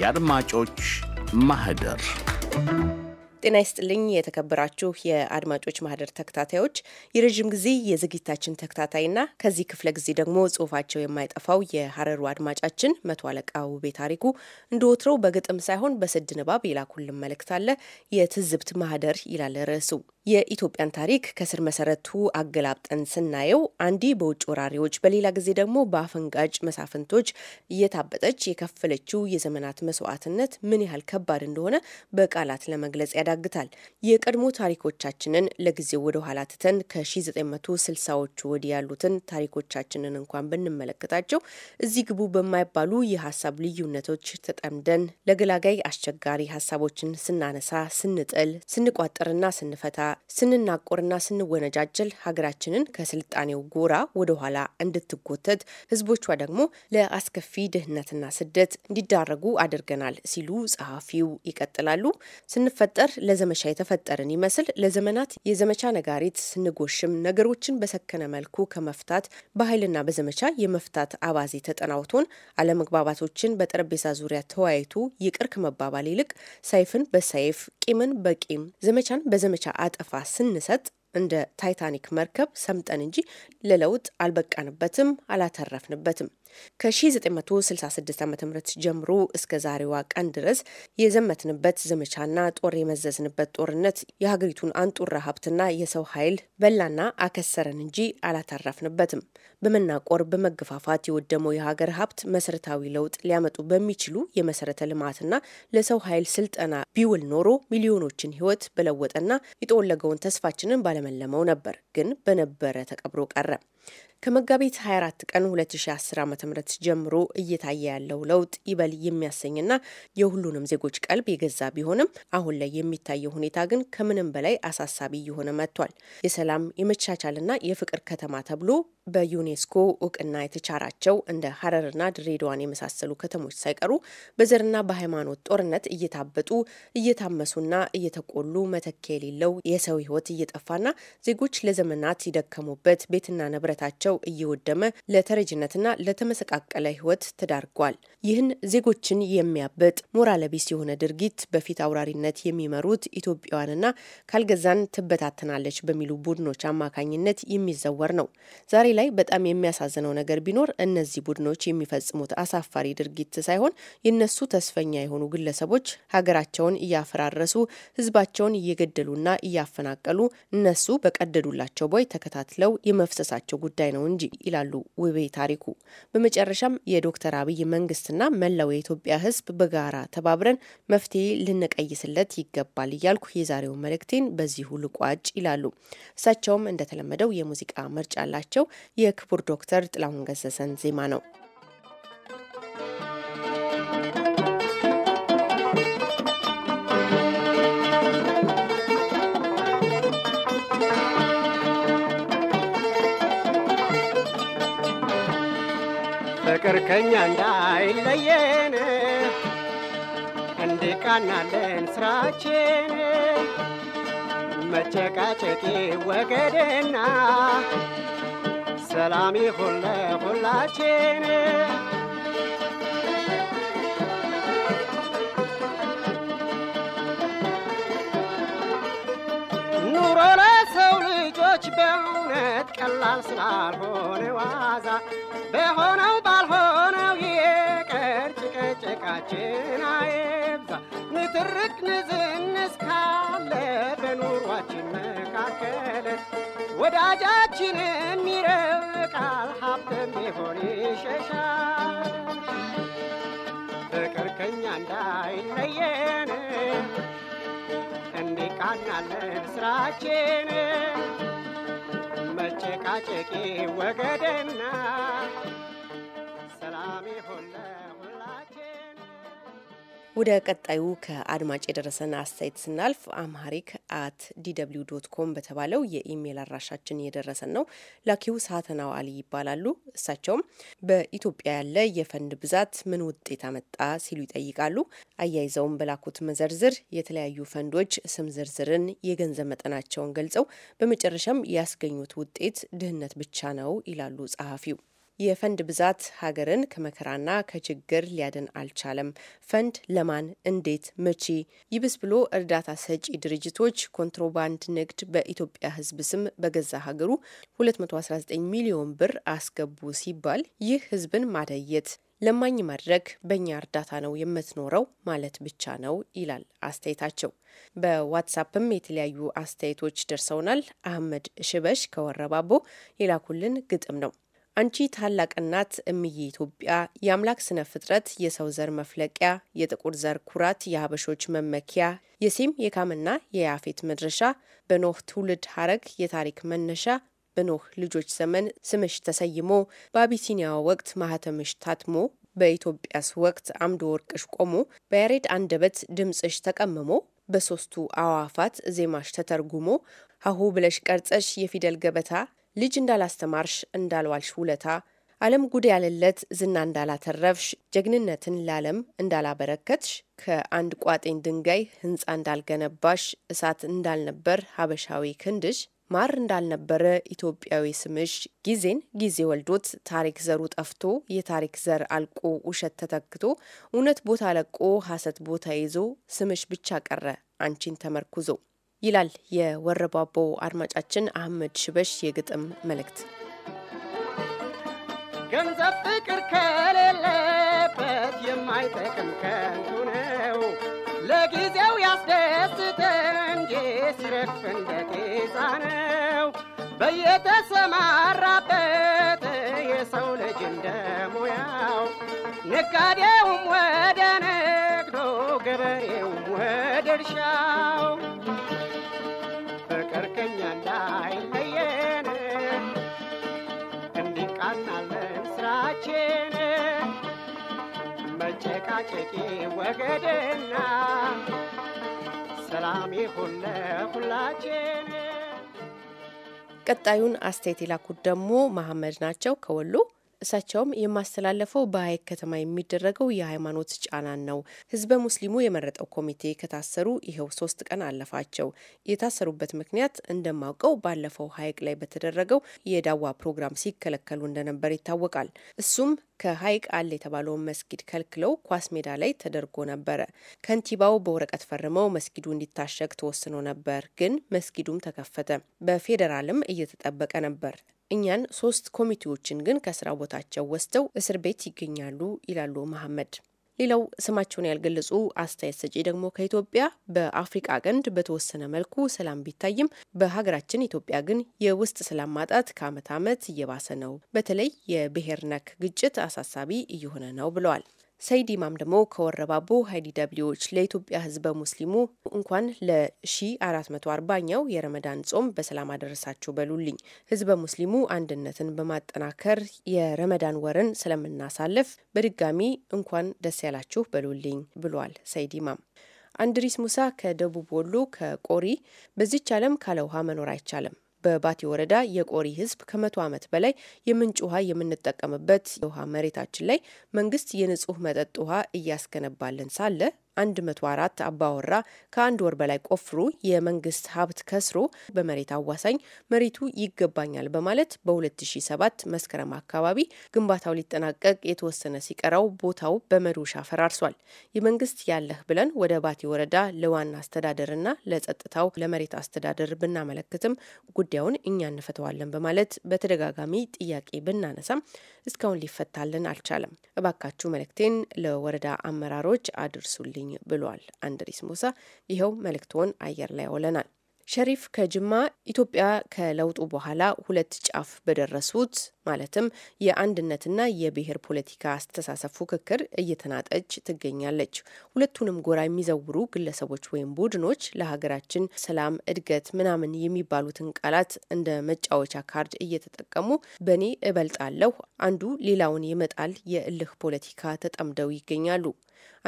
የአድማጮች ማህደር ጤና ይስጥልኝ የተከበራችሁ የአድማጮች ማህደር ተከታታዮች፣ የረዥም ጊዜ የዝግጅታችን ተከታታይና ከዚህ ክፍለ ጊዜ ደግሞ ጽሁፋቸው የማይጠፋው የሀረሩ አድማጫችን መቶ አለቃ ውቤ ታሪኩ እንደ በግጥም ሳይሆን በስድ ንባብ ይላኩልን መልእክት አለ። የትዝብት ማህደር ይላል ርዕሱ። የኢትዮጵያን ታሪክ ከስር መሰረቱ አገላብጠን ስናየው አንዲ በውጭ ወራሪዎች፣ በሌላ ጊዜ ደግሞ በአፈንጋጭ መሳፍንቶች እየታበጠች የከፈለችው የዘመናት መስዋዕትነት ምን ያህል ከባድ እንደሆነ በቃላት ለመግለጽ ያዳግታል። የቀድሞ ታሪኮቻችንን ለጊዜው ወደ ኋላ ትተን ከ1960ዎቹ ወዲህ ያሉትን ታሪኮቻችንን እንኳን ብንመለከታቸው እዚህ ግቡ በማይባሉ የሀሳብ ልዩነቶች ተጠምደን ለገላጋይ አስቸጋሪ ሀሳቦችን ስናነሳ ስንጥል ስንቋጥርና ስንፈታ ስንናቆርና ስንወነጃጀል ሀገራችንን ከስልጣኔው ጎራ ወደኋላ እንድትጎተት ህዝቦቿ ደግሞ ለአስከፊ ድህነትና ስደት እንዲዳረጉ አድርገናል ሲሉ ጸሐፊው ይቀጥላሉ። ስንፈጠር ለዘመቻ የተፈጠርን ይመስል ለዘመናት የዘመቻ ነጋሪት ስንጎሽም ነገሮችን በሰከነ መልኩ ከመፍታት በኃይልና በዘመቻ የመፍታት አባዜ ተጠናውቶን አለመግባባቶችን በጠረጴዛ ዙሪያ ተወያይቶ ይቅር ከመባባል ይልቅ ሰይፍን በሰይፍ ቂምን በቂም ዘመቻን በዘመቻ አጠፍ አጸፋ ስንሰጥ እንደ ታይታኒክ መርከብ ሰምጠን እንጂ ለለውጥ አልበቃንበትም፣ አላተረፍንበትም። ከ1966 ዓ ም ጀምሮ እስከ ዛሬዋ ቀን ድረስ የዘመትንበት ዘመቻና ጦር የመዘዝንበት ጦርነት የሀገሪቱን አንጡራ ሀብትና የሰው ኃይል በላና አከሰረን እንጂ አላታረፍንበትም። በመናቆር በመገፋፋት የወደመው የሀገር ሀብት መሰረታዊ ለውጥ ሊያመጡ በሚችሉ የመሰረተ ልማትና ለሰው ኃይል ስልጠና ቢውል ኖሮ ሚሊዮኖችን ህይወት በለወጠና የተወለገውን ተስፋችንን ባለመለመው ነበር። ግን በነበረ ተቀብሮ ቀረ። ከመጋቢት 24 ቀን 2010 ዓ ም ጀምሮ እየታየ ያለው ለውጥ ይበል የሚያሰኝና የሁሉንም ዜጎች ቀልብ የገዛ ቢሆንም አሁን ላይ የሚታየው ሁኔታ ግን ከምንም በላይ አሳሳቢ እየሆነ መጥቷል። የሰላም የመቻቻልና የፍቅር ከተማ ተብሎ በዩኔስኮ እውቅና የተቻራቸው እንደ ሀረርና ድሬዳዋን የመሳሰሉ ከተሞች ሳይቀሩ በዘርና በሃይማኖት ጦርነት እየታበጡ እየታመሱና እየተቆሉ መተኪያ የሌለው የሰው እየጠፋ እየጠፋና ዜጎች ለዘመናት ሲደከሙበት ቤትና ንብረታቸው እየወደመ ለተረጅነትና ለተመሰቃቀለ ህይወት ተዳርጓል። ይህን ዜጎችን የሚያበጥ ሞራለቢስ የሆነ ድርጊት በፊት አውራሪነት የሚመሩት ኢትዮጵያውያንና ካልገዛን ትበታተናለች በሚሉ ቡድኖች አማካኝነት የሚዘወር ነው ዛሬ ላይ በጣም የሚያሳዝነው ነገር ቢኖር እነዚህ ቡድኖች የሚፈጽሙት አሳፋሪ ድርጊት ሳይሆን የነሱ ተስፈኛ የሆኑ ግለሰቦች ሀገራቸውን እያፈራረሱ ህዝባቸውን እየገደሉና እያፈናቀሉ እነሱ በቀደዱላቸው ቦይ ተከታትለው የመፍሰሳቸው ጉዳይ ነው እንጂ ይላሉ ውቤ ታሪኩ። በመጨረሻም የዶክተር አብይ መንግስትና መላው የኢትዮጵያ ህዝብ በጋራ ተባብረን መፍትሄ ልንቀይስለት ይገባል እያልኩ የዛሬው መልእክቴን በዚሁ ልቋጭ ይላሉ። እሳቸውም እንደተለመደው የሙዚቃ ምርጫ አላቸው። የክቡር ዶክተር ጥላሁን ገሰሰን ዜማ ነው። ፍቅር ከኛ እንዳይለየን እንዲቃናለን ስራችን መጨቃጨቂ ወገደና ሰላም ይሁን ለሁላችን። ኑሮ ለሰው ልጆች በእውነት ቀላል ስላልሆነ ዋዛ በሆነው ባልሆነው ይቀር ጭቅጭቃችን አይብዛ። ንትርክ ንዝንዝ ካለ በኑሯችን መካከል ወዳጃችን የሚረቃል ሀብትም ቢሆን ይሸሻል። ፍቅር ከኛ እንዳይለየን እንዲቃናለን ስራችን መጨቃጨቂ ወገደና ሰላም ይሆንለን። ወደ ቀጣዩ ከአድማጭ የደረሰን አስተያየት ስናልፍ አምሃሪክ አት ዲደብሊው ዶት ኮም በተባለው የኢሜይል አድራሻችን የደረሰን ነው። ላኪው ሳተናው አሊ ይባላሉ። እሳቸውም በኢትዮጵያ ያለ የፈንድ ብዛት ምን ውጤት አመጣ ሲሉ ይጠይቃሉ። አያይዘውም በላኩት መዘርዝር የተለያዩ ፈንዶች ስም ዝርዝርን፣ የገንዘብ መጠናቸውን ገልጸው በመጨረሻም ያስገኙት ውጤት ድህነት ብቻ ነው ይላሉ ጸሐፊው። የፈንድ ብዛት ሀገርን ከመከራና ከችግር ሊያድን አልቻለም። ፈንድ ለማን፣ እንዴት፣ መቼ? ይብስ ብሎ እርዳታ ሰጪ ድርጅቶች ኮንትሮባንድ ንግድ በኢትዮጵያ ሕዝብ ስም በገዛ ሀገሩ 219 ሚሊዮን ብር አስገቡ ሲባል ይህ ሕዝብን ማደየት ለማኝ ማድረግ በእኛ እርዳታ ነው የምትኖረው ማለት ብቻ ነው ይላል አስተያየታቸው። በዋትሳፕም የተለያዩ አስተያየቶች ደርሰውናል። አህመድ ሽበሽ ከወረባቦ የላኩልን ግጥም ነው። አንቺ ታላቅ እናት እምዬ ኢትዮጵያ የአምላክ ስነ ፍጥረት የሰው ዘር መፍለቂያ የጥቁር ዘር ኩራት የሀበሾች መመኪያ የሴም የካምና የያፌት መድረሻ በኖህ ትውልድ ሀረግ የታሪክ መነሻ በኖህ ልጆች ዘመን ስምሽ ተሰይሞ በአቢሲኒያ ወቅት ማህተምሽ ታትሞ በኢትዮጵያስ ወቅት አምድ ወርቅሽ ቆሞ በያሬድ አንደበት ድምፅሽ ተቀምሞ በሶስቱ አዋፋት ዜማሽ ተተርጉሞ ሀሁ ብለሽ ቀርጸሽ የፊደል ገበታ ልጅ እንዳላስተማርሽ እንዳልዋልሽ ውለታ ዓለም ጉድ ያለለት ዝና እንዳላተረፍሽ ጀግንነትን ለዓለም እንዳላበረከትሽ ከአንድ ቋጤን ድንጋይ ህንፃ እንዳልገነባሽ እሳት እንዳልነበር ሀበሻዊ ክንድሽ ማር እንዳልነበረ ኢትዮጵያዊ ስምሽ ጊዜን ጊዜ ወልዶት ታሪክ ዘሩ ጠፍቶ የታሪክ ዘር አልቆ ውሸት ተተክቶ እውነት ቦታ ለቆ ሐሰት ቦታ ይዞ ስምሽ ብቻ ቀረ አንቺን ተመርኩዞ ይላል የወረባቦ አድማጫችን አህመድ ሽበሽ የግጥም መልእክት። ገንዘብ ፍቅር ከሌለበት የማይጠቅም ከንቱ ነው። ለጊዜው ያስደስተ እንጂ ሲረግፍ ነው። በየተሰማራበት የሰው ልጅ እንደሙያው ሙያው ነጋዴውም ወደ ነግዶ ገበሬውም ወደ እርሻ አጨቃጨቂ ወገደና ሰላም ይሁን ለሁላችን። ቀጣዩን አስተያየት የላኩት ደግሞ መሐመድ ናቸው ከወሎ እሳቸውም የማስተላለፈው በሀይቅ ከተማ የሚደረገው የሃይማኖት ጫናን ነው። ህዝበ ሙስሊሙ የመረጠው ኮሚቴ ከታሰሩ ይኸው ሶስት ቀን አለፋቸው። የታሰሩበት ምክንያት እንደማውቀው ባለፈው ሀይቅ ላይ በተደረገው የዳዋ ፕሮግራም ሲከለከሉ እንደነበር ይታወቃል። እሱም ከሀይቅ አለ የተባለውን መስጊድ ከልክለው ኳስ ሜዳ ላይ ተደርጎ ነበረ። ከንቲባው በወረቀት ፈርመው መስጊዱ እንዲታሸግ ተወስኖ ነበር፣ ግን መስጊዱም ተከፈተ። በፌዴራልም እየተጠበቀ ነበር። እኛን ሶስት ኮሚቴዎችን ግን ከስራ ቦታቸው ወስደው እስር ቤት ይገኛሉ ይላሉ መሐመድ። ሌላው ስማቸውን ያልገለጹ አስተያየት ሰጪ ደግሞ ከኢትዮጵያ በአፍሪቃ ቀንድ በተወሰነ መልኩ ሰላም ቢታይም በሀገራችን ኢትዮጵያ ግን የውስጥ ሰላም ማጣት ከአመት አመት እየባሰ ነው፣ በተለይ የብሔር ነክ ግጭት አሳሳቢ እየሆነ ነው ብለዋል። ሰይድ ኢማም ደግሞ ከወረባቦ ሀይዲ ደብሊዎች ለኢትዮጵያ ህዝበ ሙስሊሙ እንኳን ለ1440ኛው የረመዳን ጾም በሰላም አደረሳችሁ በሉልኝ። ህዝበ ሙስሊሙ አንድነትን በማጠናከር የረመዳን ወርን ስለምናሳልፍ በድጋሚ እንኳን ደስ ያላችሁ በሉልኝ ብሏል ሰይድ ኢማም። አንድሪስ ሙሳ ከደቡብ ወሎ ከቆሪ በዚች ዓለም ካለ ውሃ መኖር አይቻልም በባቲ ወረዳ የቆሪ ህዝብ ከመቶ ዓመት በላይ የምንጭ ውሃ የምንጠቀምበት የውሃ መሬታችን ላይ መንግስት የንጹህ መጠጥ ውሃ እያስገነባልን ሳለ 104 አባወራ ከአንድ ወር በላይ ቆፍሮ የመንግስት ሀብት ከስሮ በመሬት አዋሳኝ መሬቱ ይገባኛል በማለት በ2007 መስከረም አካባቢ ግንባታው ሊጠናቀቅ የተወሰነ ሲቀረው ቦታው በመዶሻ ፈራርሷል። የመንግስት ያለህ ብለን ወደ ባቲ ወረዳ ለዋና አስተዳደርና ለጸጥታው ለመሬት አስተዳደር ብናመለክትም ጉዳዩን እኛ እንፈተዋለን በማለት በተደጋጋሚ ጥያቄ ብናነሳም እስካሁን ሊፈታልን አልቻለም። እባካችሁ መልእክቴን ለወረዳ አመራሮች አድርሱልኝ አለኝ ብሏል አንድሪስ ሙሳ። ይኸው መልእክቶን አየር ላይ ያውለናል። ሸሪፍ ከጅማ ኢትዮጵያ ከለውጡ በኋላ ሁለት ጫፍ በደረሱት ማለትም የአንድነትና የብሔር ፖለቲካ አስተሳሰብ ፉክክር እየተናጠች ትገኛለች። ሁለቱንም ጎራ የሚዘውሩ ግለሰቦች ወይም ቡድኖች ለሀገራችን ሰላም፣ እድገት ምናምን የሚባሉትን ቃላት እንደ መጫወቻ ካርድ እየተጠቀሙ በእኔ እበልጣለሁ አንዱ ሌላውን የመጣል የእልህ ፖለቲካ ተጠምደው ይገኛሉ።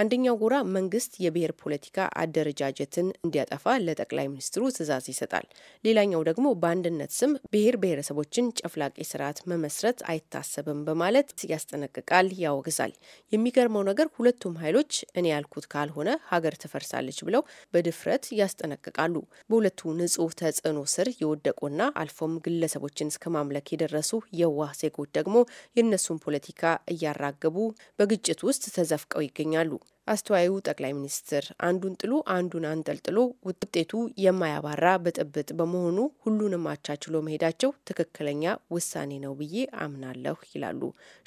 አንደኛው ጎራ መንግስት የብሔር ፖለቲካ አደረጃጀትን እንዲያጠፋ ለጠቅላይ ሚኒስትሩ ትዕዛዝ ይሰጣል። ሌላኛው ደግሞ በአንድነት ስም ብሔር ብሔረሰቦችን ጨፍላቂ ስርዓት መመስረት አይታሰብም በማለት ያስጠነቅቃል፣ ያወግዛል። የሚገርመው ነገር ሁለቱም ኃይሎች እኔ ያልኩት ካልሆነ ሀገር ትፈርሳለች ብለው በድፍረት ያስጠነቅቃሉ። በሁለቱ ንጹህ ተጽዕኖ ስር የወደቁና አልፎም ግለሰቦችን እስከ ማምለክ የደረሱ የዋህ ዜጎች ደግሞ የእነሱን ፖለቲካ እያራገቡ በግጭት ውስጥ ተዘፍቀው ይገኛሉ። ይገኛሉ። አስተዋዩ ጠቅላይ ሚኒስትር አንዱን ጥሎ አንዱን አንጠልጥሎ ውጤቱ የማያባራ ብጥብጥ በመሆኑ ሁሉንም አቻችሎ መሄዳቸው ትክክለኛ ውሳኔ ነው ብዬ አምናለሁ ይላሉ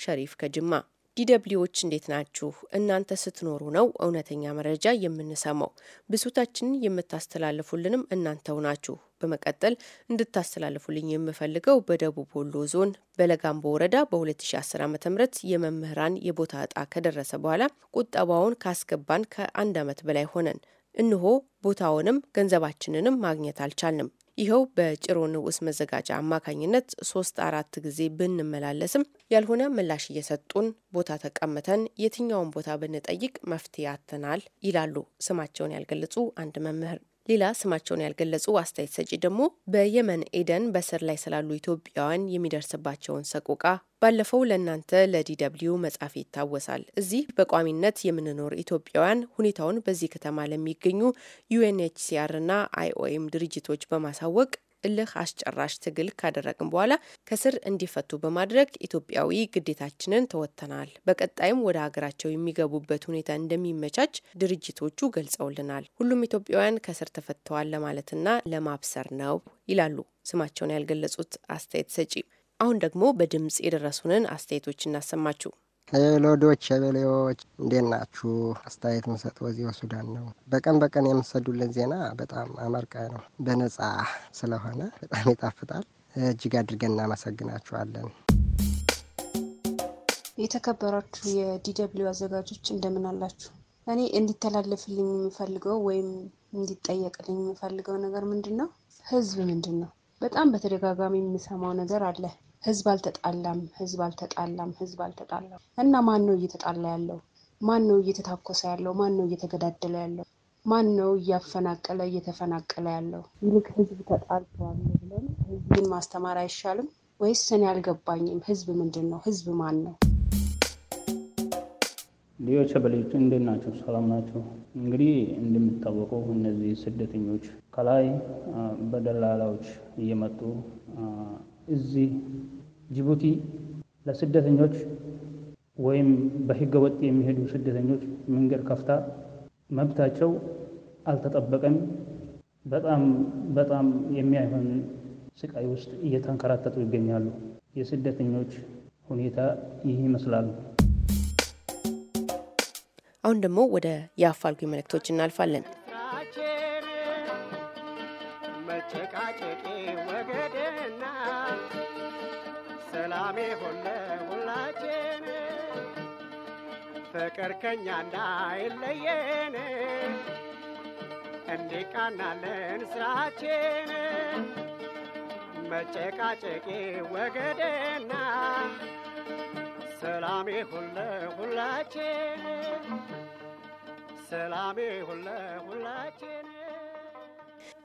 ሸሪፍ ከጅማ። ዲደብሊዎች እንዴት ናችሁ? እናንተ ስትኖሩ ነው እውነተኛ መረጃ የምንሰማው። ብሶታችንን የምታስተላልፉልንም እናንተው ናችሁ። በመቀጠል እንድታስተላልፉልኝ የምፈልገው በደቡብ ወሎ ዞን በለጋምቦ ወረዳ በ2010 ዓ ም የመምህራን የቦታ እጣ ከደረሰ በኋላ ቁጠባውን ካስገባን ከአንድ ዓመት በላይ ሆነን። እንሆ ቦታውንም ገንዘባችንንም ማግኘት አልቻልንም። ይኸው በጭሮ ንዑስ መዘጋጃ አማካኝነት ሶስት አራት ጊዜ ብንመላለስም ያልሆነ ምላሽ እየሰጡን ቦታ ተቀምጠን የትኛውን ቦታ ብንጠይቅ መፍትሄ አጥተናል ይላሉ ስማቸውን ያልገለጹ አንድ መምህር። ሌላ ስማቸውን ያልገለጹ አስተያየት ሰጪ ደግሞ በየመን ኤደን በስር ላይ ስላሉ ኢትዮጵያውያን የሚደርስባቸውን ሰቆቃ ባለፈው ለእናንተ ለዲደብልዩ መጻፍ ይታወሳል። እዚህ በቋሚነት የምንኖር ኢትዮጵያውያን ሁኔታውን በዚህ ከተማ ለሚገኙ ዩኤንኤችሲአር ና አይኦኤም ድርጅቶች በማሳወቅ እልህ አስጨራሽ ትግል ካደረግን በኋላ ከስር እንዲፈቱ በማድረግ ኢትዮጵያዊ ግዴታችንን ተወጥተናል። በቀጣይም ወደ ሀገራቸው የሚገቡበት ሁኔታ እንደሚመቻች ድርጅቶቹ ገልጸውልናል። ሁሉም ኢትዮጵያውያን ከስር ተፈተዋል ለማለትና ለማብሰር ነው ይላሉ ስማቸውን ያልገለጹት አስተያየት ሰጪ። አሁን ደግሞ በድምጽ የደረሱንን አስተያየቶች እናሰማችሁ። ሄሎ ዶች ሸበሌዎች እንዴት ናችሁ? አስተያየት የምሰጠው ወዚህ ሱዳን ነው። በቀን በቀን የምሰዱልን ዜና በጣም አመርቃይ ነው። በነጻ ስለሆነ በጣም ይጣፍጣል። እጅግ አድርገን እናመሰግናችኋለን። የተከበራችሁ የዲደብሊው አዘጋጆች እንደምን አላችሁ? እኔ እንዲተላለፍልኝ የምፈልገው ወይም እንዲጠየቅልኝ የምፈልገው ነገር ምንድን ነው? ህዝብ ምንድን ነው? በጣም በተደጋጋሚ የምሰማው ነገር አለ። ህዝብ አልተጣላም፣ ህዝብ አልተጣላም፣ ህዝብ አልተጣላም እና ማን ነው እየተጣላ ያለው? ማን ነው እየተታኮሰ ያለው? ማን ነው እየተገዳደለ ያለው? ማን ነው እያፈናቀለ እየተፈናቀለ ያለው? ይልቅ ህዝብ ተጣልቷል ብለን ህዝብን ማስተማር አይሻልም ወይስ? እኔ አልገባኝም። ህዝብ ምንድን ነው? ህዝብ ማን ነው? ልጆች በልጆች እንዴት ናቸው? ሰላም ናቸው? እንግዲህ እንደሚታወቀው እነዚህ ስደተኞች ከላይ በደላላዎች እየመጡ እዚህ ጅቡቲ ለስደተኞች ወይም በህገወጥ የሚሄዱ ስደተኞች መንገድ ከፍታ መብታቸው አልተጠበቀም። በጣም በጣም የሚያይሆን ስቃይ ውስጥ እየተንከራተቱ ይገኛሉ። የስደተኞች ሁኔታ ይህ ይመስላል። አሁን ደግሞ ወደ የአፋልጉኝ መልእክቶች እናልፋለን። መጨቃጨቄ ወገድ ሰላሜ ሆነ ሁላችን ፍቅር ከኛ እንዳይለየን እንዲቃናለን ስራችን መጨቃጨቂ ወገደና ሰላሜ ሁለ ሁላችን ሰላሜ ሁለ ሁላችን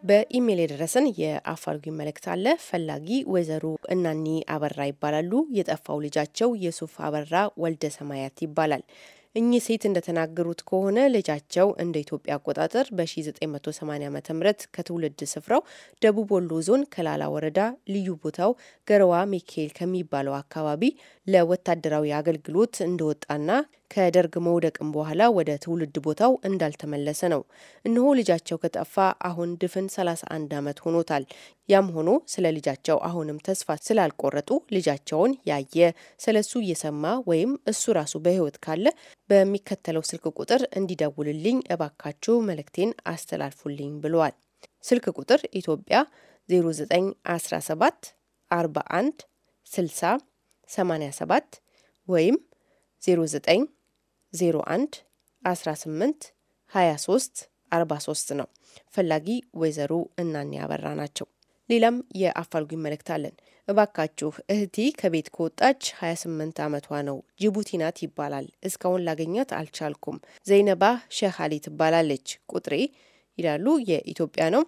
በኢሜይል የደረሰን የአፋልጉኝ መልእክት አለ። ፈላጊ ወይዘሮ እናኒ አበራ ይባላሉ። የጠፋው ልጃቸው የሱፍ አበራ ወልደ ሰማያት ይባላል። እኚህ ሴት እንደተናገሩት ከሆነ ልጃቸው እንደ ኢትዮጵያ አቆጣጠር በ1980 ዓ ም ከትውልድ ስፍራው ደቡብ ወሎ ዞን ከላላ ወረዳ ልዩ ቦታው ገረዋ ሚካኤል ከሚባለው አካባቢ ለወታደራዊ አገልግሎት እንደወጣና ከደርግ መውደቅም በኋላ ወደ ትውልድ ቦታው እንዳልተመለሰ ነው። እነሆ ልጃቸው ከጠፋ አሁን ድፍን 31 ዓመት ሆኖታል። ያም ሆኖ ስለ ልጃቸው አሁንም ተስፋ ስላልቆረጡ ልጃቸውን ያየ ስለሱ እየሰማ ወይም እሱ ራሱ በሕይወት ካለ በሚከተለው ስልክ ቁጥር እንዲደውልልኝ እባካችሁ መልእክቴን አስተላልፉልኝ ብለዋል። ስልክ ቁጥር ኢትዮጵያ 0917 41 60 87 ወይም 09 01 18 23 43 ነው። ፈላጊ ወይዘሮ እናን ያበራ ናቸው። ሌላም የአፋልጉኝ መልእክት አለን። እባካችሁ እህቴ ከቤት ከወጣች 28 ዓመቷ ነው። ጅቡቲ ናት ይባላል። እስካሁን ላገኛት አልቻልኩም። ዘይነባ ሸኻሊ ትባላለች። ቁጥሬ ይላሉ የኢትዮጵያ ነው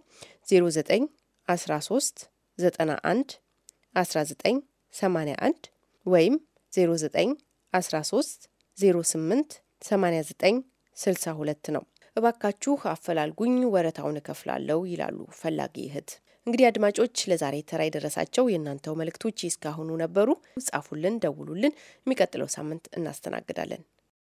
09 13 91 19 81 ወይም 09 13 08 ነው። እባካችሁ አፈላልጉኝ፣ ወረታውን እከፍላለሁ ይላሉ ፈላጊ እህት። እንግዲህ አድማጮች ለዛሬ ተራ የደረሳቸው የእናንተው መልእክቶች እስካሁኑ ነበሩ። ጻፉልን፣ ደውሉልን። የሚቀጥለው ሳምንት እናስተናግዳለን።